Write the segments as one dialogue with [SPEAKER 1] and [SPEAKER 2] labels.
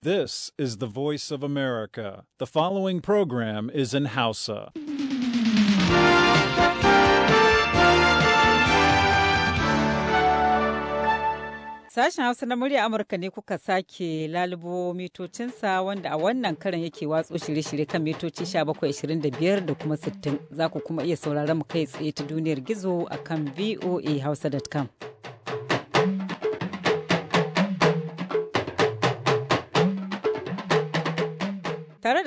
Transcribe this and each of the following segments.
[SPEAKER 1] This is the voice of America. The following program is in Hausa. Sashen Hausa na murya Amurka ne kuka sake lalubo mitocinsa wanda a wannan karan yake watso shirye-shirye kan mitoci 1725 da kuma 60. Za ku kuma iya sauraron mu kai tsaye ta duniyar gizo a kan voahausa.com.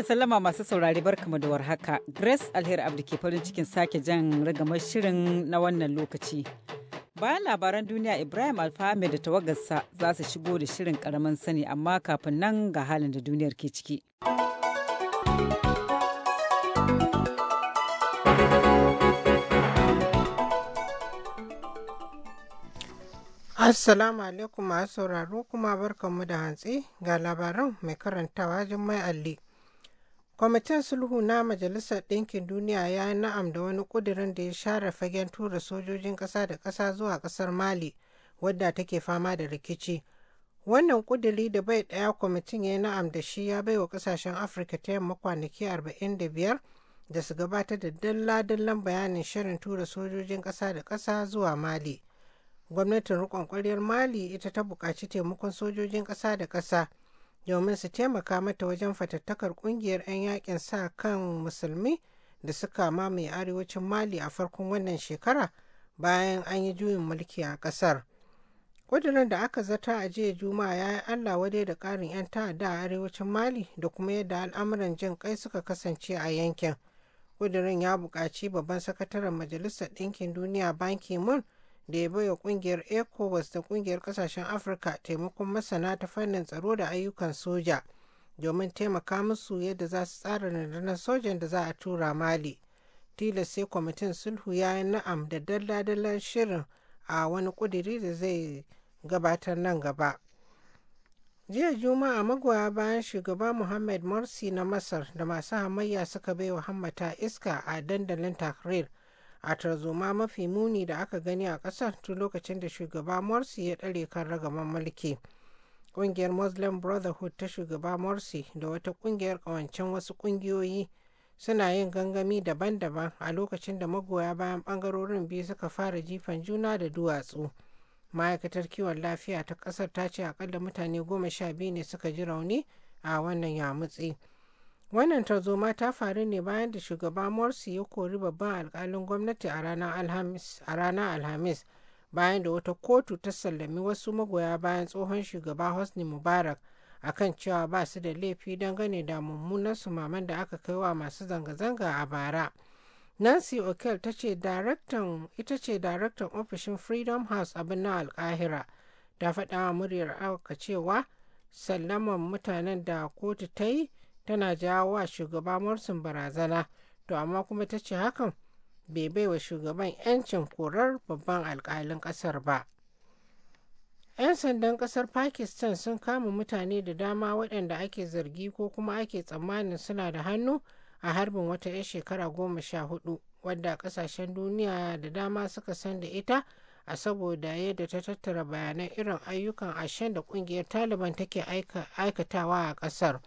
[SPEAKER 1] da sallama masu saurari barkamu da warhaka. Grace Alheri abdu ke farin cikin sake jan ragamar shirin na wannan lokaci. Bayan labaran duniya Ibrahim Alfahame da tawagarsa za su shigo da shirin karamin sani amma kafin nan ga halin da duniyar ke ciki.
[SPEAKER 2] Assalamu alaikum masu sauraro kuma barkanmu da hantsi ga labaran mai karantawa mai Alli. kwamitin sulhu na majalisar ɗinkin duniya ya yi na'am da wani ƙudirin da ya share fagen tura sojojin ƙasa da ƙasa zuwa ƙasar mali wadda take fama da rikici wannan ƙudiri da bai ɗaya kwamitin ya yi na'am da shi ya bai wa ƙasashen afirka ta yamma kwanaki 45 da su gabatar da dalla-dallan bayanin shirin tura sojojin ƙasa da ƙasa zuwa mali gwamnatin riƙon ƙwaryar mali ita ta buƙaci taimakon sojojin ƙasa da ƙasa domin su taimaka mata wajen fatattakar kungiyar 'yan yakin sa kan musulmi da suka mamaye arewacin mali a farkon wannan shekara bayan an yi juyin mulki a kasar ƙudurin da aka zata a jiya juma'a ya yi allah wadai da ƙarin 'yan ta'adda a arewacin mali da kuma yadda al'amuran jin kai suka kasance a yankin ƙudurin ya buƙaci babban sakataren majalisar ɗinkin duniya banki mun da ya baiwa kungiyar ecowas da kungiyar kasashen afirka taimakon masana ta fannin tsaro da ayyukan soja domin taimaka musu yadda za su tsara rundunar sojan da za a tura mali tilas sai kwamitin sulhu ya yi na'am da dalla-dallan shirin a wani ƙudiri da zai gabatar nan gaba jiya juma'a magoya bayan shugaba muhammad morsi na masar da masu hamayya suka baiwa hammata iska a dandalin takrir a tarzoma mafi muni da aka gani a ƙasar tun lokacin da shugaba morsi ya ɗare kan ragaman mulki ƙungiyar muslim brotherhood ta shugaba morsi da wata ƙungiyar ƙawancen wasu ƙungiyoyi suna yin gangami daban-daban a lokacin da magoya bayan ɓangarorin biyu suka fara jifan juna da duwatsu ma'aikatar kiwon lafiya ta ƙasar ta ce akalla mutane goma sha biyu ne suka ji rauni a wannan yamutse. Wannan tarzoma ta faru ne bayan da shugaba Morsi ya kori babban alkalin gwamnati a ranar Alhamis bayan da wata kotu ta sallami wasu magoya bayan tsohon shugaba Hosni Mubarak akan cewa ba su da laifi gane da mummunan su sumaman da aka kai wa masu zanga-zanga a bara. Nancy O'Kel ita ce daraktan ofishin Freedom House a birnin Alkahira ta faɗa muryar aka cewa sallaman mutanen da kotu ta yi tana jawo wa shugaba Morsin barazana to amma kuma ta ce hakan bai baiwa shugaban 'yancin korar babban alkalin kasar ba. 'Yan sandan kasar Pakistan sun kama mutane da dama waɗanda ake zargi ko kuma ake tsammanin suna da hannu a harbin wata 'yan shekara goma sha hudu wadda kasashen duniya da dama suka san da ita a saboda yadda ta tattara bayanan irin ayyukan ashen da kungiyar taliban take aikatawa a kasar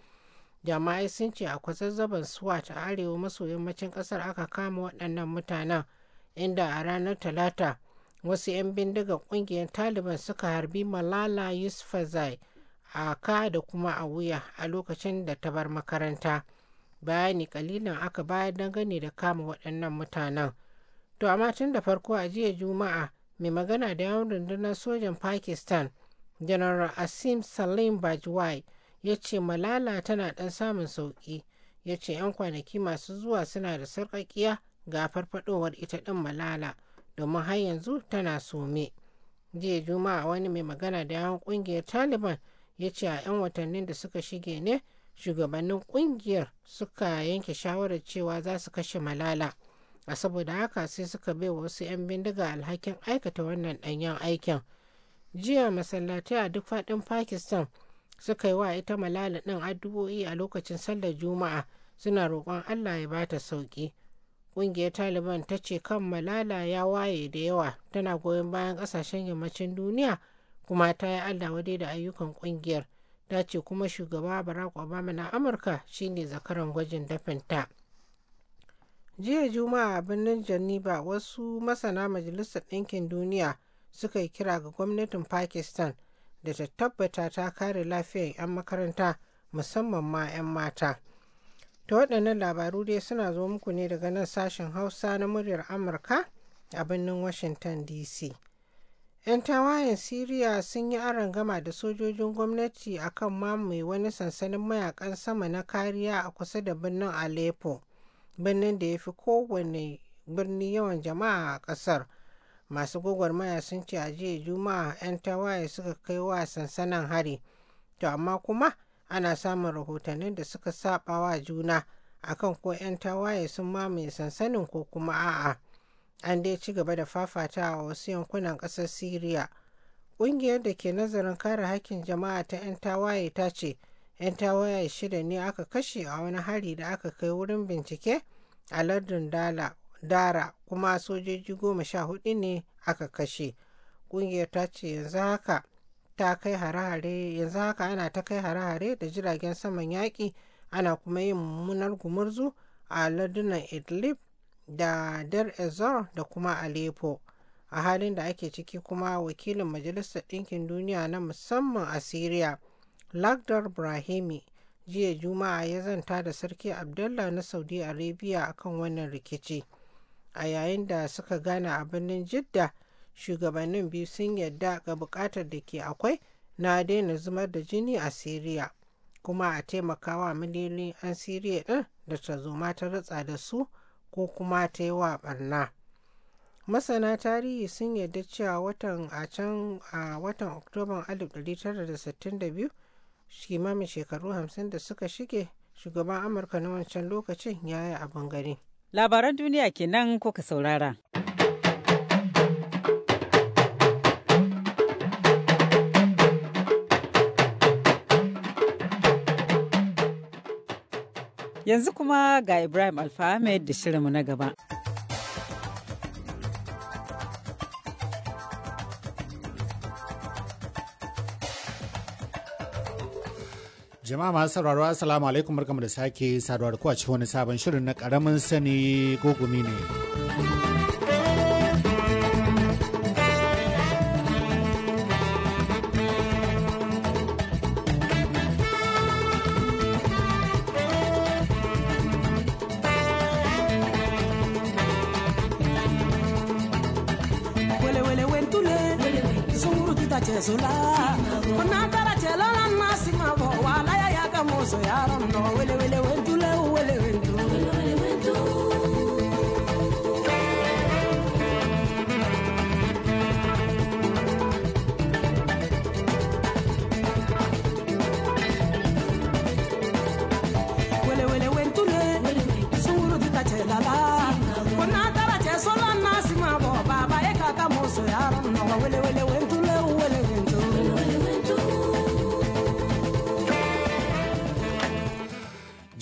[SPEAKER 2] jama'ai sun ce a zazzaban swat a arewa maso yammacin kasar aka kama waɗannan mutanen inda a ranar talata wasu 'yan bindigar ƙungiyar taliban suka harbi malala yousafzai a ka da kuma a wuya a lokacin da ta bar makaranta bayani kalilan aka bayar dangane da kama waɗannan mutanen to amma tun da farko a jiya juma'a mai magana da yawon rundunar sojan pakistan general asim salim bajwai ya ce malala tana ɗan samun sauƙi ya ce 'yan kwanaki masu zuwa suna da sarƙaƙiya ga farfadowar ita ɗin malala domin har yanzu tana some jiya juma'a wani mai magana da yawon ƙungiyar taliban ya ce a 'yan watannin da suka shige ne shugabannin ƙungiyar suka yanke shawarar cewa za su kashe malala a saboda haka sai suka bai wasu 'yan bindiga alhakin aikata wannan ɗanyen aikin jiya masallatai a duk faɗin pakistan suka yi wa ita malala ɗin addu'o'i a lokacin sallar juma'a suna roƙon allah ya bata sauƙi ƙungiyar taliban ta ce kan malala ya waye da yawa tana goyon bayan ƙasashen yammacin duniya kuma ta yi allah wadai da ayyukan ƙungiyar ta ce kuma shugaba barack obama na amurka shine zakaran gwajin dafinta jiya juma'a a birnin janiba wasu masana majalisar ɗinkin duniya suka yi kira ga gwamnatin pakistan da ta tabbata ta kare lafiyar 'yan makaranta musamman ma 'yan mata. Ta waɗannan labaru dai suna zo muku ne daga nan sashen Hausa na muryar Amurka a birnin Washington DC. 'Yan tawayen Siriya sun yi gama da sojojin gwamnati a kan mamaye wani sansanin mayakan sama na kariya a kusa da birnin Aleppo, birnin da ya fi kowane birni yawan jama'a a ƙasar. masu gwagwarmaya sun ce a jiya juma'a 'yan tawaye suka kai wa sansanin hari to amma kuma ana samun rahotannin da suka saba wa juna akan ko 'yan tawaye sun mamaye sansanin ko kuma a'a an dai ci gaba da fafata a wasu yankunan ƙasar Siriya. ƙungiyar da ke nazarin kare hakkin jama'a ta 'yan tawaye ta ce 'yan tawaye shida ne aka kashe a wani hari da aka kai wurin bincike a lardin dala dara kuma sojoji goma sha hudu ne aka kashe ƙungiyar ta ce yanzu haka ta kai hare yanzu haka ana ta kai hare-hare da jiragen saman yaƙi ana kuma yin mummunar gumurzu a lardunan idlib da dar ezor da kuma aleppo a halin da ake ciki kuma wakilin majalisar ɗinkin duniya na musamman a syria lagdar brahimi jiya juma'a ya zanta da sarki abdullah na saudi arabia akan wannan rikici a yayin da suka gane a birnin jidda shugabannin biyu sun yarda ga bukatar da ke akwai na daina zumar da jini a siriya kuma a taimakawa miliyoyin 'yan siriya din da zo ta ratsa da su ko kuma ta yi wa barna masana tarihi sun yarda cewa watan a can a watan oktoban 1962 kimanin shekaru 50 da suka shige shugaban amurka na wancan lokacin ya yi abin gari
[SPEAKER 1] Labaran duniya kenan kuka saurara. Yanzu kuma ga Ibrahim Alfa da shirinmu na gaba.
[SPEAKER 3] Jama'a masu sauraro Assalamu alaikum barkamu da sake saduwa da a wani sabon shirin na karamin sani gogumi ne.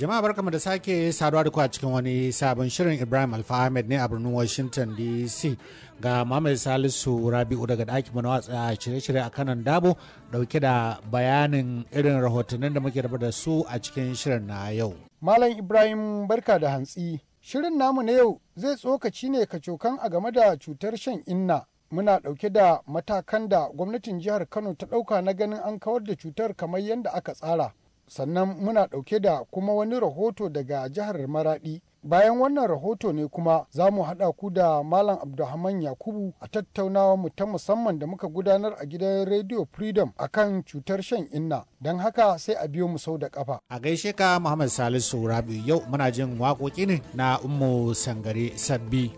[SPEAKER 3] Jama'a barkamu da sake saduwa da ku a cikin wani sabon shirin Ibrahim Alfa Ahmed ne a birnin Washington DC ga Muhammad Salisu Rabi'u daga ɗakin manawa watsa shirye-shirye a kanan dabo dauke da bayanin irin rahotannin da muke raba da su a cikin shirin na yau. Malam Ibrahim barka da hantsi. Shirin namu na yau zai tsokaci ne kacokan a game da cutar shan inna. Muna dauke da matakan da gwamnatin jihar Kano ta dauka na ganin an kawar da cutar kamar yadda aka tsara. sannan muna ɗauke da kuma wani rahoto daga jihar maradi bayan wannan rahoto ne kuma za mu haɗa ku da malam abdulhaman yakubu a tattaunawa mu ta musamman da muka gudanar a gidan radio freedom kan cutar shan inna don haka sai a biyo mu sau da kafa a gaishe ka muhammad salisu rabi yau muna jin waƙoƙi ne na ummu sangare sabbi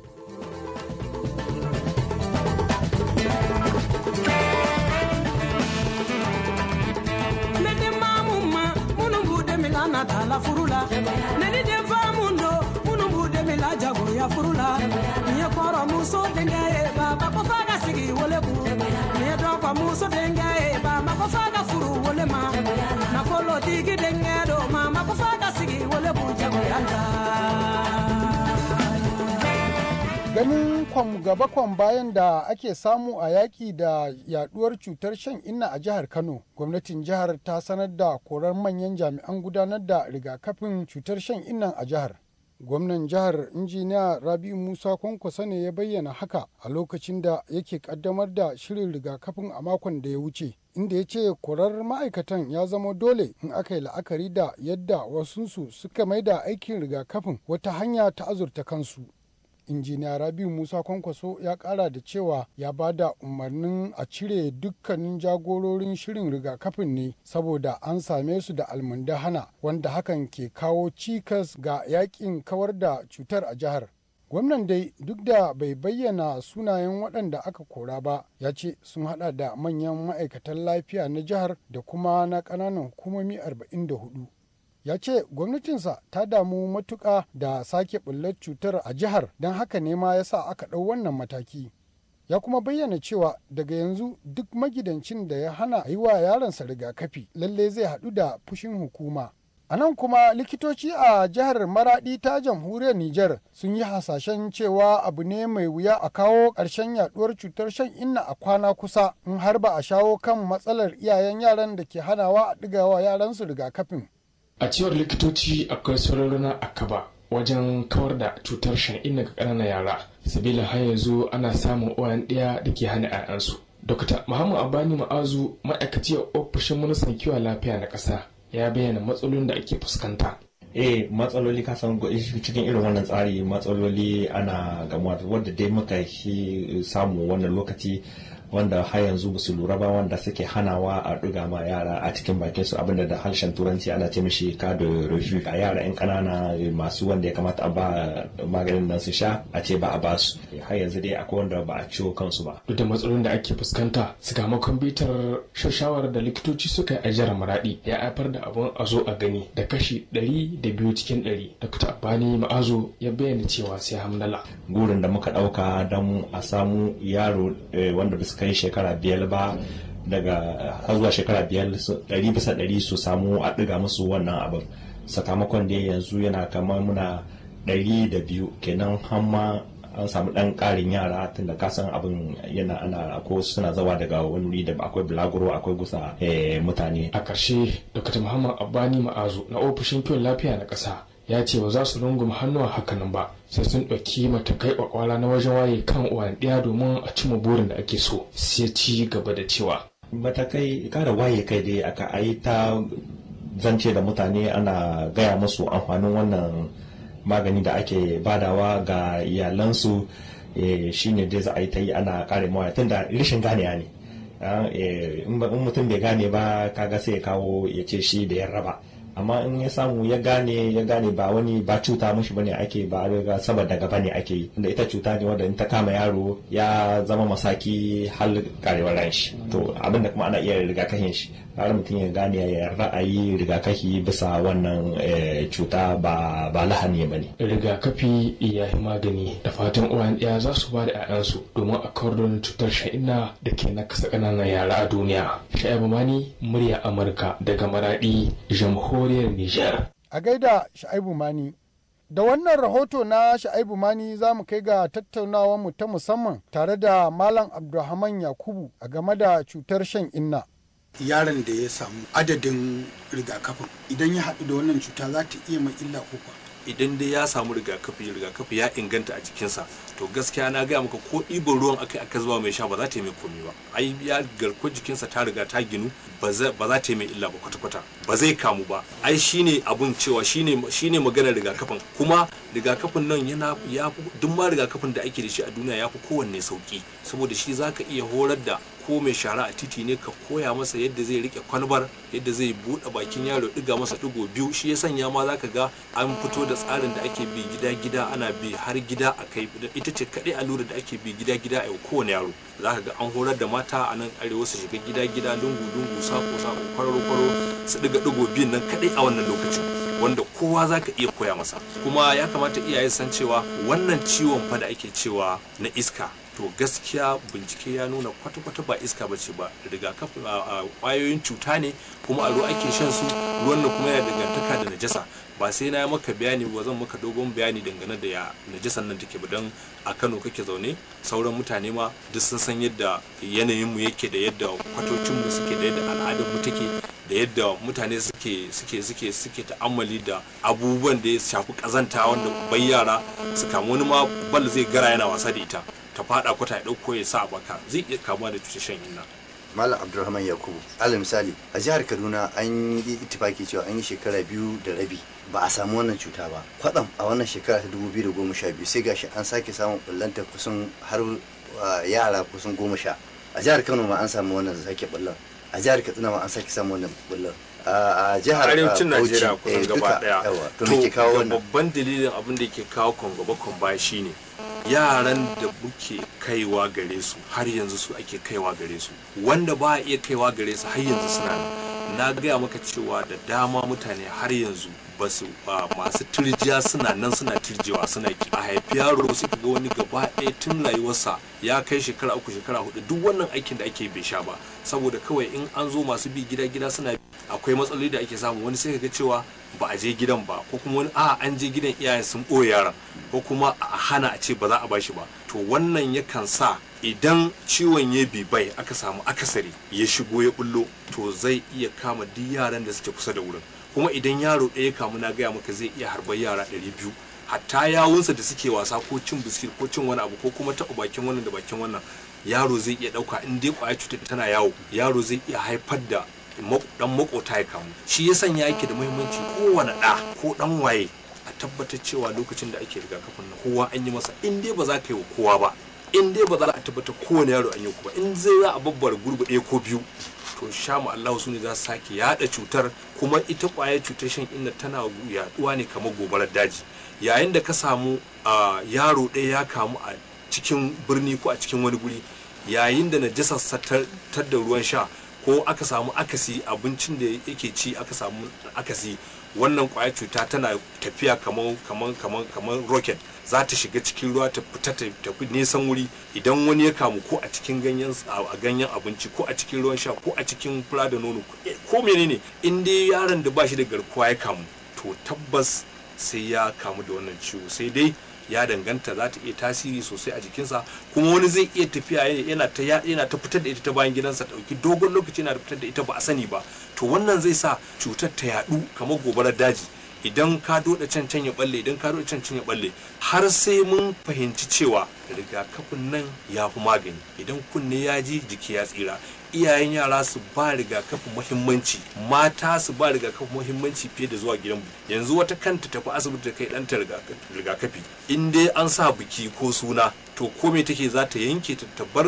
[SPEAKER 3] ga bakon bayan da ake samu a yaƙi da yaduwar cutar shan inna a jihar Kano, gwamnatin jihar ta sanar da korar manyan jami'an gudanar da rigakafin cutar shan inna a jihar. Gwamnan jihar injiniya Rabi Musa kwankwasa ne ya bayyana haka a lokacin da yake kaddamar da shirin rigakafin a makon da ya wuce. inda ya ce korar ma'aikatan ya zama dole in aka yi la'akari da yadda wasunsu suka maida aikin rigakafin wata hanya ta azurta kansu injiniya rabi musa kwankwaso ya kara da cewa ya ba da umarnin a cire dukkanin jagororin shirin rigakafin ne saboda an same su da almundahana wanda hakan ke kawo cikas ga yakin kawar da cutar a jihar gwamnan dai duk da bai bayyana sunayen waɗanda aka kora ba ya ce sun hada da manyan ma'aikatan lafiya na jihar da kuma na ƙananan hukumomi 44 ya ce gwamnatinsa ta damu matuka da sake bullar cutar a jihar don haka ne ma ya sa aka ɗau wannan mataki ya kuma bayyana cewa daga yanzu duk magidancin da ya hana a yi wa yaransa rigakafi lalle zai haɗu da fushin hukuma a nan kuma likitoci a jihar maradi ta jamhuriyar niger sun yi hasashen cewa abu ne mai wuya a kawo ƙarshen yaduwar cutar shan inna a kwana kusa in har ba a shawo kan matsalar iyayen yaran da ke hanawa a ɗigawa yaransu rigakafin
[SPEAKER 4] a cewar likitoci akwai sararuna na akaba wajen kawar da cutar shan'ina ga ƙananan yara sabila har yanzu ana samun uwayen ɗaya da ke hana 'ya'yansu dokta muhammad abani ma'azu ma'aikaci a ofishin ministan kiwon lafiya na ƙasa ya bayyana
[SPEAKER 5] matsalolin da ake fuskanta eh matsaloli ka san cikin irin wannan tsari matsaloli ana gamuwa wadda dai muka shi samu wannan lokaci wanda har yanzu ba su lura ba wanda suke hanawa a ɗuga ma yara a cikin bakin su abinda da harshen turanci ana ce mishi kado rufi a yara yan ƙanana eh, masu wanda ya kamata a ba maganin nan su
[SPEAKER 4] sha a ce ba a ba su har yanzu dai akwai wanda ba a ciwo kansu ba duk da matsalolin da ake fuskanta sakamakon bitar shawarar da likitoci suka yi a jihar maradi ya haifar da abun a zo a gani da kashi ɗari da biyu cikin ɗari dr abani ma'azo ya bayyana cewa sai
[SPEAKER 5] hamdala gurin da muka ɗauka don a samu yaro eh, wanda ba kai shekara biyar ba daga har zuwa shekara biyar ɗari bisa ɗari su samu a ɗiga musu wannan abin sakamakon da yanzu yana kamar muna ɗari da biyu kenan hamma an samu ɗan ƙarin yara tun da kasan abin yana ana ko suna zawa daga
[SPEAKER 4] wani wuri da akwai bulaguro akwai gusa eh, mutane a ƙarshe dr muhammad abani ma'azu na ofishin kiwon lafiya na ƙasa ya ce ba za su rungum hannuwa hakanan ba sai sun ɗauki matakai kwakwala na wajen waye kan uwan ɗaya domin a cimma burin da ake so sai ci gaba da cewa matakai kara waye kai dai aka ayi ta zance da
[SPEAKER 5] mutane ana gaya musu amfanin wannan magani da ake badawa ga iyalansu eh, shine dai za a yi ta yi ana kare mawa tun da rishin ne ah, eh, in mutum bai gane ba kaga sai ya kawo ya ce shi da ya raba amma in ya samu ya gane ya gane ba wani ba cuta mashi bane ake ba riga sama daga bane ake yi inda ita cuta ne wanda in ta kama yaro ya zama masaki har karewar ranshi to abin da kuma ana iya riga kahin shi har mutum ya gane ra'ayi rigakafi bisa
[SPEAKER 4] wannan eh, cuta ba ba lahani ba ne rigakafi ya yi magani da fatan uwan ɗaya za su ba da 'ya'yansu domin a kawar da cutar sha'ina da ke na kasa ƙananan yara a duniya sha'ibu mani murya amurka daga maraɗi jamhuriyar
[SPEAKER 3] nijar a gaida sha'ibu mani Da wannan rahoto na Sha'ibu Mani za mu kai ga tattaunawar mu ta musamman tare da Malam Abdulrahman Yakubu a game da cutar shan inna. yaron da ya samu adadin rigakafin idan ya haɗu da wannan cuta za ta iya mai illa ko
[SPEAKER 6] idan dai ya samu rigakafi rigakafi ya inganta a jikinsa to gaskiya na gaya maka ko ɗiban ruwan akai aka zuba mai sha ba za ta yi mai komi ba ai ya garko jikinsa ta riga ta ginu ba za ta yi mai illa ba kwata-kwata ba zai kamu ba ai shine abun cewa shine shine maganar rigakafin kuma rigakafin nan yana ya duk ma rigakafin da ake da shi a duniya ya fi kowanne sauki saboda shi zaka iya horar da ko mai shara a titi ne ka koya masa yadda zai rike kwalbar yadda zai buɗe bakin yaro ɗiga masa ɗigo biyu shi ya sanya ma zaka ga an fito da tsarin da ake bi gida gida ana bi har gida a kai ita ce kaɗai allurar da ake bi gida-gida a kowane yaro za ka ga an horar da mata a nan arewa su shiga gida-gida lungu-lungu sako-sako kwararo-kwararo su ɗiga ɗigo biyun nan kaɗai a wannan lokacin wanda kowa za ka iya koya masa kuma ya kamata iyaye san cewa wannan ciwon fa da ake cewa na iska to gaskiya bincike ya nuna kwata-kwata ba iska ba ce ba rigakafi kwayoyin cuta ne kuma a ruwa ake shan su ruwan kuma yana dangantaka da najasa ba sai na maka bayani ba zan maka dogon bayani dangane da ya najisan nan take ba don a Kano kake zaune sauran mutane ma duk sun san yadda yanayin mu yake da yadda kwatocin mu suke da yadda al'adar take da yadda mutane suke suke suke suke ta'ammali da abubuwan da ya shafi kazanta wanda bai yara su kama wani ma bal zai gara yana wasa da ita ta fada kwata ya dauko ya sa baka zai iya kama da cutar shan inna
[SPEAKER 7] Malam Abdulrahman Yakubu, alal misali, a jihar Kaduna an yi itifaki cewa an yi shekara biyu da rabi ba a samu wannan cuta ba kwatsam a wannan shekara ta 2012 sai gashi an sake samun bullanta kusan har yara kusan goma sha a jihar kano ma an samu wannan sake bullan a jihar katsina ma an sake samu wannan bullan a jihar arewacin najeriya
[SPEAKER 6] eh, kusan gaba daya to babban dalilin abin da ke kawo kwangaba kwamba shine yaran da muke kaiwa gare su har yanzu su ake kaiwa gare su wanda ba iya kaiwa gare su har yanzu suna na gaya maka cewa da dama mutane har yanzu ba masu turjiya suna nan suna turjewa suna a haifi yaro suka ga wani gaba ɗaya tun rayuwarsa ya kai shekara uku shekara hudu duk wannan aikin da ake bai sha ba saboda kawai in an zo masu bi gida gida suna akwai matsaloli da ake samu wani sai ka ga cewa ba a je gidan ba ko kuma wani a an je gidan iyayen sun ɓoye yaran ko kuma a hana a ce ba za a bashi ba to wannan yakan sa idan ciwon ya bai aka samu akasari ya shigo ya bullo to zai iya kama duk yaran da suke kusa da wurin kuma idan yaro ɗaya kamu na gaya maka zai iya harbar yara ɗari biyu hatta yawunsa da suke wasa ko cin biskit ko cin wani abu ko kuma taɓa bakin wannan da bakin wannan yaro zai iya ɗauka in dai kwaya cutar tana yawo yaro zai iya haifar da dan makota ya kamu shi ya sanya yake da muhimmanci kowane ɗa ko ɗan waye a tabbatar cewa lokacin da ake rigakafin nan kowa an yi masa in dai ba za ka yi wa kowa ba in dai ba za a tabbatar kowane yaro an yi ku ba in zai za a babbar gurbi ɗaya ko biyu to sha mu Allah su ne za su sake yada cutar kuma ita kwayar cutar shan inna tana yaduwa ne kamar gobarar daji yayin da ka samu yaro ɗaya ya kamu a cikin birni ko a cikin wani guri yayin da najasar ta da ruwan sha ko aka samu akasi abincin da yake ci aka samu akasi wannan kwaya cuta tana tafiya kamar kamar kamar kamar rocket za ta shiga cikin ruwa ta fita ta tafi nisan wuri idan wani ya kamu ko a cikin ganyen a ganyen abinci ko a cikin ruwan sha ko a cikin fura da nono eh, ko menene in dai yaron da ba shi da garkuwa ya kamu to tabbas sai ya kamu da wannan ciwo sai dai ya danganta za ta iya tasiri sosai a jikinsa kuma wani zai iya tafiya yana ta yana ta fitar da ita ta bayan gidansa dauki dogon lokaci yana fitar da ita ba a sani ba to wannan zai sa cutar ta yadu kamar gobarar daji idan ka doda cancan ya balle idan ka doda cancan ya balle har sai mun fahimci cewa rigakafin nan ya fi magani idan kunne ya ji jiki ya tsira iyayen yara su ba rigakafin muhimmanci mata su ba rigakafin muhimmanci fiye da zuwa gidan yanzu wata kanta tafi asibiti kai ɗanta rigakafi in dai an sa biki ko suna to ko me take za ta yanke ta bar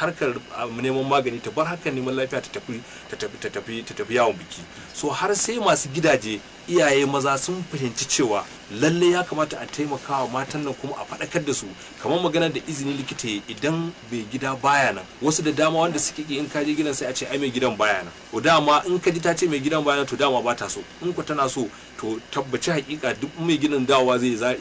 [SPEAKER 6] harkar ah, neman magani ta bar harkar neman lafiya ta tafi ta yawon biki so har sai masu gidaje iyaye maza sun fahimci cewa lalle ya kamata a taimakawa matan nan kuma a faɗakar da su kamar magana da izini likita idan bai gida baya nan wasu da dama wanda suke ki in kaje gidan sai a ce ai mai gidan baya nan to dama in ka ji ta ce mai gidan baya nan to dama ba ta so in ku tana so to tabbaci hakika duk mai gidan dawa zai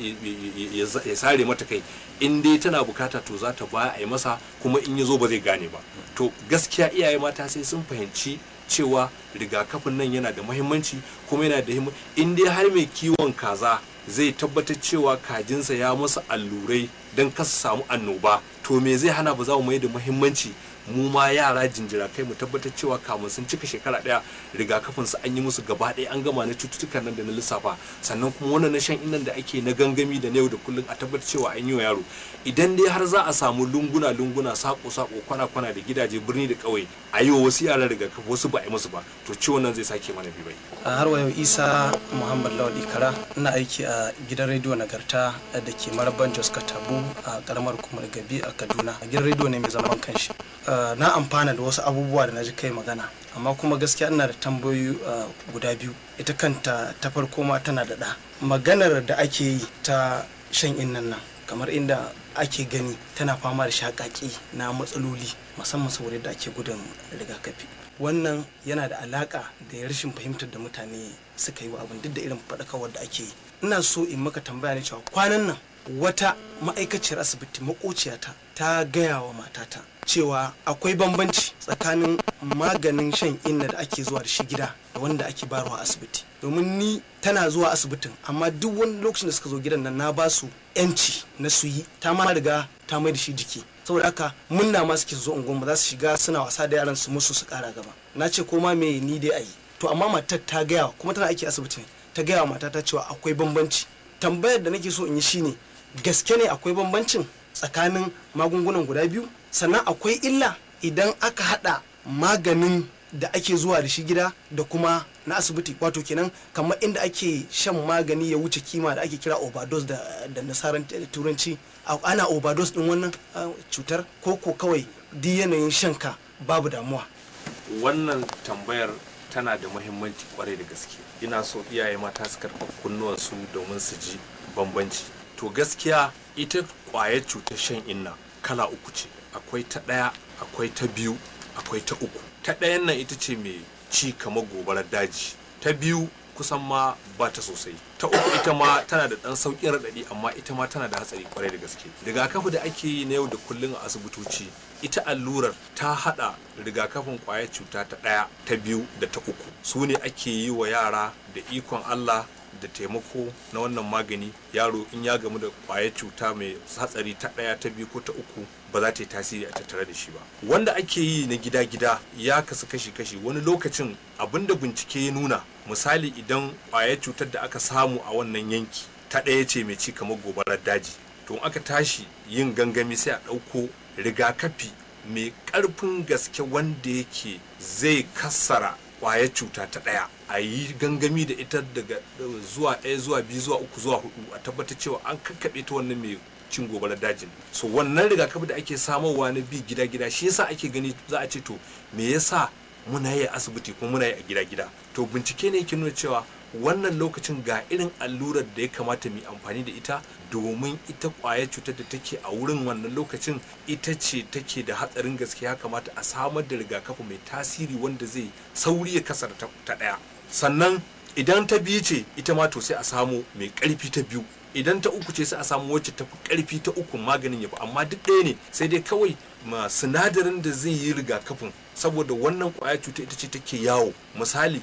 [SPEAKER 6] ya sare mata kai in dai tana bukata to za ta baya a yi masa kuma in ya zo ba zai gane ba to gaskiya iyaye mata sai sun fahimci cewa rigakafin nan yana da mahimmanci kuma yana da in dai har mai kiwon kaza zai tabbatar cewa kajinsa ya masa allurai don kasa samu annoba to me zai hana ba za mu mai da mahimmanci mu ma yara jinjira kai mu tabbatar cewa kamun sun cika shekara ɗaya rigakafin su an yi musu gaba daya an gama na cututtukan nan da na lissafa sannan kuma wannan na shan inan da ake na gangami da na yau da kullum a tabbatar cewa an yi wa yaro idan dai har za a samu lunguna lunguna sako sako kwana kwana da gidaje birni da ƙauye a yi wa wasu yara rigakafi wasu ba a yi musu ba to ciwon nan zai sake mana bibai.
[SPEAKER 7] har wa yau isa muhammad lawal ikara ina aiki a gidan rediyo nagarta da ke maraban jos katabu a karamar kuma gabi a kaduna gidan rediyo ne mai zaman kanshi Eh, na amfana da wasu abubuwa da na ji kai magana amma kuma gaskiya ina da tambayoyi eh, guda biyu ita kanta ta farko ma tana da ɗa maganar da ake yi ta shan innan nan kamar inda ake gani tana fama da shakaki na matsaloli musamman saboda da ake gudun rigakafi wannan yana da alaƙa da rashin fahimtar da mutane suka yi wa abin duk da irin faɗakawar da ake yi ina so in maka tambaya ne cewa kwanan nan wata ma'aikaciyar asibiti maƙociyata ta gaya wa matata cewa akwai bambanci tsakanin maganin shan inna da ake zuwa da shi gida da wanda ake barwa asibiti domin ni tana zuwa asibitin amma duk wani lokacin da suka zo gidan nan na ba su yanci na su yi ta ma riga ta mai da shi jiki saboda aka munna ma suke zo unguwan ba za su shiga suna wasa da yaran su musu su kara gaba na ce ko ma me ni dai a to amma matar ta gaya kuma tana aiki ne. ta gaya wa matata cewa akwai bambanci tambayar da nake so in yi shine gaske ne akwai bambancin tsakanin magungunan guda biyu sannan akwai illa idan aka hada maganin da ake zuwa da shi gida da kuma na asibiti wato kenan kamar inda ake shan magani ya wuce kima da ake kira overdose da, da nasarar turanci ana overdose din wannan cutar ko ko kawai di yanayin shanka babu damuwa
[SPEAKER 6] wannan tambayar tana da muhimmanci kwarai da gaske ina so iyaye mata su karɓa kunnuwansu domin su ji bambanci to gaskiya ita kwayar cutar shan inna kala uku ce akwai ta ɗaya akwai ta biyu akwai ta uku ta ɗayan nan ita ce mai ci kama gobarar daji ta biyu kusan ma ba ta sosai ta uku ita ma tana da ɗan sauƙin raɗaɗi amma ita ma tana da hatsari kwarai da gaske rigakafi da ake yi na yau da kullum a asibitoci ita allurar ta haɗa rigakafin ƙwayar cuta ta ɗaya ta biyu da ta uku su ne ake yi wa yara da ikon allah da taimako na wannan magani yaro in ya gamu da kwayar cuta mai hatsari ta ɗaya ta biyu ko ta uku ba za ta yi tasiri a tattare da shi ba wanda ake yi na gida-gida ya kasu kashi-kashi wani lokacin abinda bincike ya nuna misali idan kwayar cutar da aka samu a wannan yanki ta ɗaya ce mai ci kamar gobarar daji to aka tashi yin gangami sai a ɗauko rigakafi mai ƙarfin gaske wanda yake zai kassara kwayar cuta ta ɗaya a yi gangami da ita daga zuwa ɗaya zuwa biyu zuwa uku zuwa hudu a tabbatar cewa an kakkaɓe ta wannan mai cin gobarar dajin so wannan rigakafi da ake samarwa na bi gida gida shi yasa ake gani za a ce to me yasa muna yi asibiti kuma muna yi a gida gida to bincike ne yake nuna cewa wannan lokacin ga irin allurar da ya kamata mu amfani da ita domin ita kwayar cutar da take a wurin wannan lokacin ita ce take da hatsarin gaske ya kamata a samar da rigakafi mai tasiri wanda zai sauri ya kasar ta daya sannan idan ta biyu ce ita ma to sai a samu mai karfi ta biyu idan ta uku ce sai a samu wacce ta karfi ta uku maganin ya amma duk ɗaya ne sai dai kawai ma sinadarin da zai yi rigakafin saboda wannan kwaya cuta ita ce take yawo misali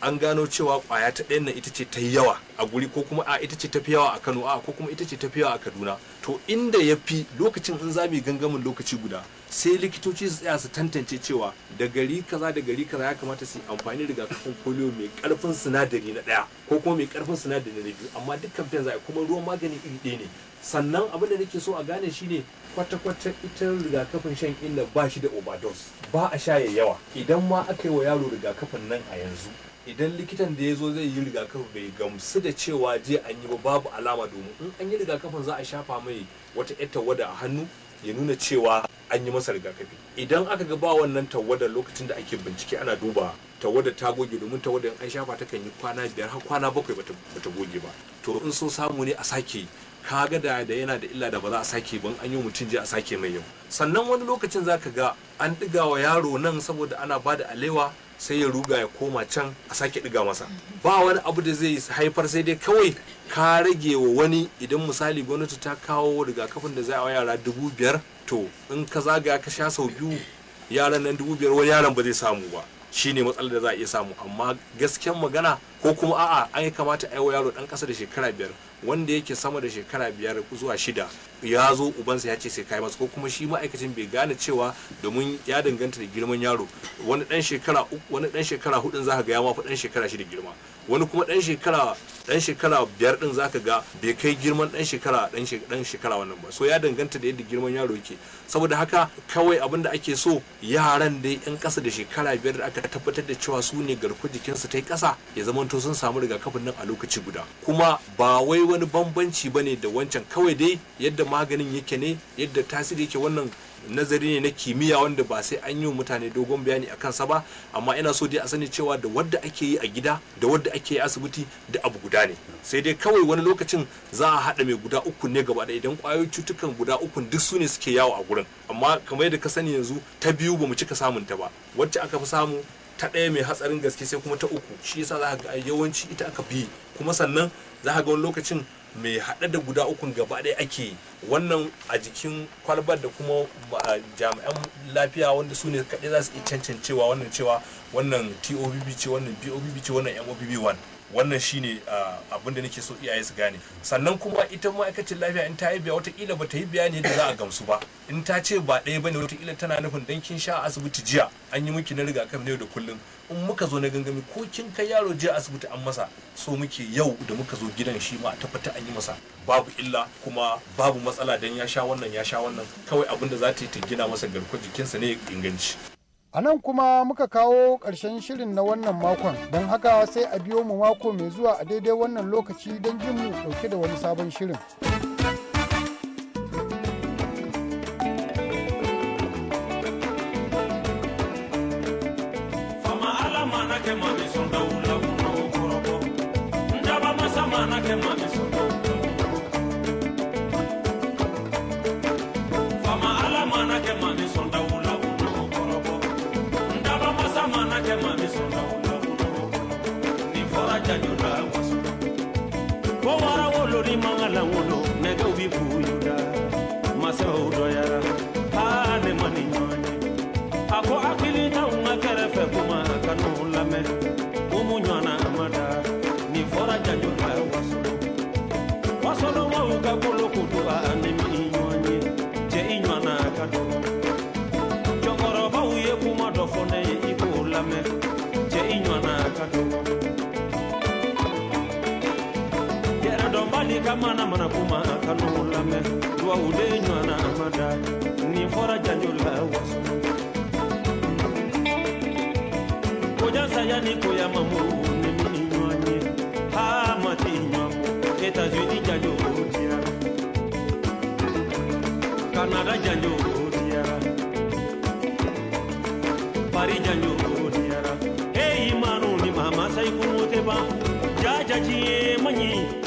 [SPEAKER 6] an gano cewa kwaya ta ɗaya nan ita ce ta yawa a guri ko kuma a ita ce ta fi yawa a Kano a ko kuma ita ce ta fi yawa a Kaduna to inda ya fi lokacin in yi gangamin lokaci guda sai likitoci su tsaya su tantance cewa da gari kaza da gari kaza ya kamata su amfani da rigakafin polio mai karfin sinadari na daya ko kuma mai karfin sinadari na biyu amma duk kamfen kuma ruwan magani iri ɗaya ne sannan abin da nake so a gane shi ne kwata-kwata ita rigakafin shan inna ba shi da overdose ba a sha ya yawa idan ma aka yi wa yaro rigakafin nan a yanzu idan likitan da ya zo zai yi rigakafin bai gamsu da cewa je an yi ba babu alama domin in an yi rigakafin za a shafa mai wata 'yar wada a hannu ya nuna cewa an yi masa rigakafi idan aka ga ba wannan tawadar lokacin da ake bincike ana duba tawada ta goge domin tawada an shafa ta kan yi kwana biyar har kwana bakwai bata goge ba to in so samu ne a sake ka da da yana da illa da ba za a sake ban an yi mutum je a sake mai yau sannan wani lokacin zaka ga an diga wa yaro nan saboda ana ba da alewa sai ya ruga ya koma can a sake diga masa ba wani abu da zai haifar sai dai kawai ka rage wa wani idan misali gwamnati ta kawo rigakafin da za a wa yara dubu biyar to in ka zagaya ka sha sau biyu yaran nan dubu biyar wani yaron ba zai samu ba shi ne matsalar da za a iya samu amma gasken magana ko kuma a'a an yi kamata a yi wa yaro dan kasa da shekara biyar wanda yake sama da shekara biyar zuwa shida ya zo ubansa ya ce sai kai masa ko kuma shi ma'aikacin bai gane cewa domin ya danganta da girman yaro wani dan shekara wani dan shekara hudun ma ga ya mafi dan shekara shida girma wani kuma dan shekara dan shekara biyar din zaka ga bai kai girman dan shekara dan shekara wannan ba so ya danganta da yadda girman yaro yake saboda haka kawai abin da ake so yaran da yan kasa da shekara biyar da aka tabbatar da cewa su ne garku jikinsu ta yi kasa ya zama to sun samu rigakafin nan a lokaci guda kuma ba wai wani bambanci bane da wancan kawai dai yadda maganin yake ne yadda tasiri yake wannan nazari ne na kimiyya wanda ba sai an yi wa mutane dogon bayani a kansa ba amma ina so dai a sani cewa da wadda ake yi a gida da wadda ake yi asibiti da abu guda ne sai dai kawai wani lokacin za a haɗa mai guda uku ne gaba ɗaya idan ƙwayoyin cutukan guda uku duk su ne suke yawo a gurin amma kamar yadda ka sani yanzu ta biyu ba mu cika samun ta ba wacce aka fi samu ta ɗaya mai hatsarin gaske sai kuma ta uku shi yasa za ka ga yawanci ita aka fi kuma sannan za ka ga wani lokacin mai haɗe da guda ukun gaba ɗaya ake wannan a jikin kwalbar da kuma jami'an lafiya wanda su ne kaɗai za su iya cancancewa wannan cewa wannan tobb ce wannan bobb ce wannan mobb 1 wannan shine abin da nake so iyaye su gane sannan kuma ita ma'aikacin lafiya in ta yi biya watakila ba ta yi biya ne da za a gamsu ba in ta ce ba ɗaya ba bane watakila tana nufin dan kin sha asibiti jiya an yi miki na rigakafi ne da kullum in muka zo na gangami ko kin kai yaro jiya asibiti an masa so muke yau da muka zo gidan shi ma a tabbata an yi masa babu illa kuma babu matsala dan ya sha wannan ya sha wannan kawai abin da za ta yi ta gina masa garkuwar jikinsa ne ya inganci
[SPEAKER 3] A nan kuma muka kawo ƙarshen shirin na wannan makon don haka sai a biyo mu mako mai zuwa a daidai wannan lokaci don jin mu ɗauke da wani sabon shirin.
[SPEAKER 8] Fama kuyuda masahudo yara hane mani nyone ako akili tauma kerefe kuma kanu lame umu nyona amada ni fora jaju haro wasono wasono wa uga kulo kutuwa animi inyone je inyona akado chokoro ba uye kuma dofone iku lame je inyona akado malika mana mana kuma a kanu lamɛn dubabu de ɲɔgɔnna a ma da nin fɔra janjo la koja saya ni koya mamuru ni mini ɲɔgɔn ha mati ɲɔgɔn etazuni janjo o diyara kanada janjo o pari janjo o diyara hey manu ni mama sai kuno te ba jajaji manyi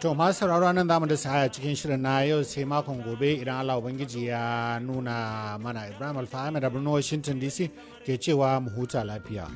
[SPEAKER 3] To masu sauraro nan zamu da sahaya cikin shirin na yau sai makon gobe idan Allah Ubangiji ya nuna mana Ibrahim Alfa da birnin Washington DC ke cewa mu huta lafiya.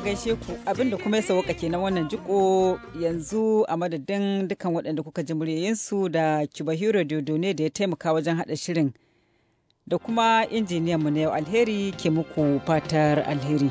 [SPEAKER 1] gaishe ku abinda kuma ya sauka na wannan jiko yanzu a madadin dukkan waɗanda kuka ji muryoyinsu da Kibahiro ne da ya taimaka wajen haɗa shirin da kuma injiniyan mu na yau alheri ke muku fatar alheri.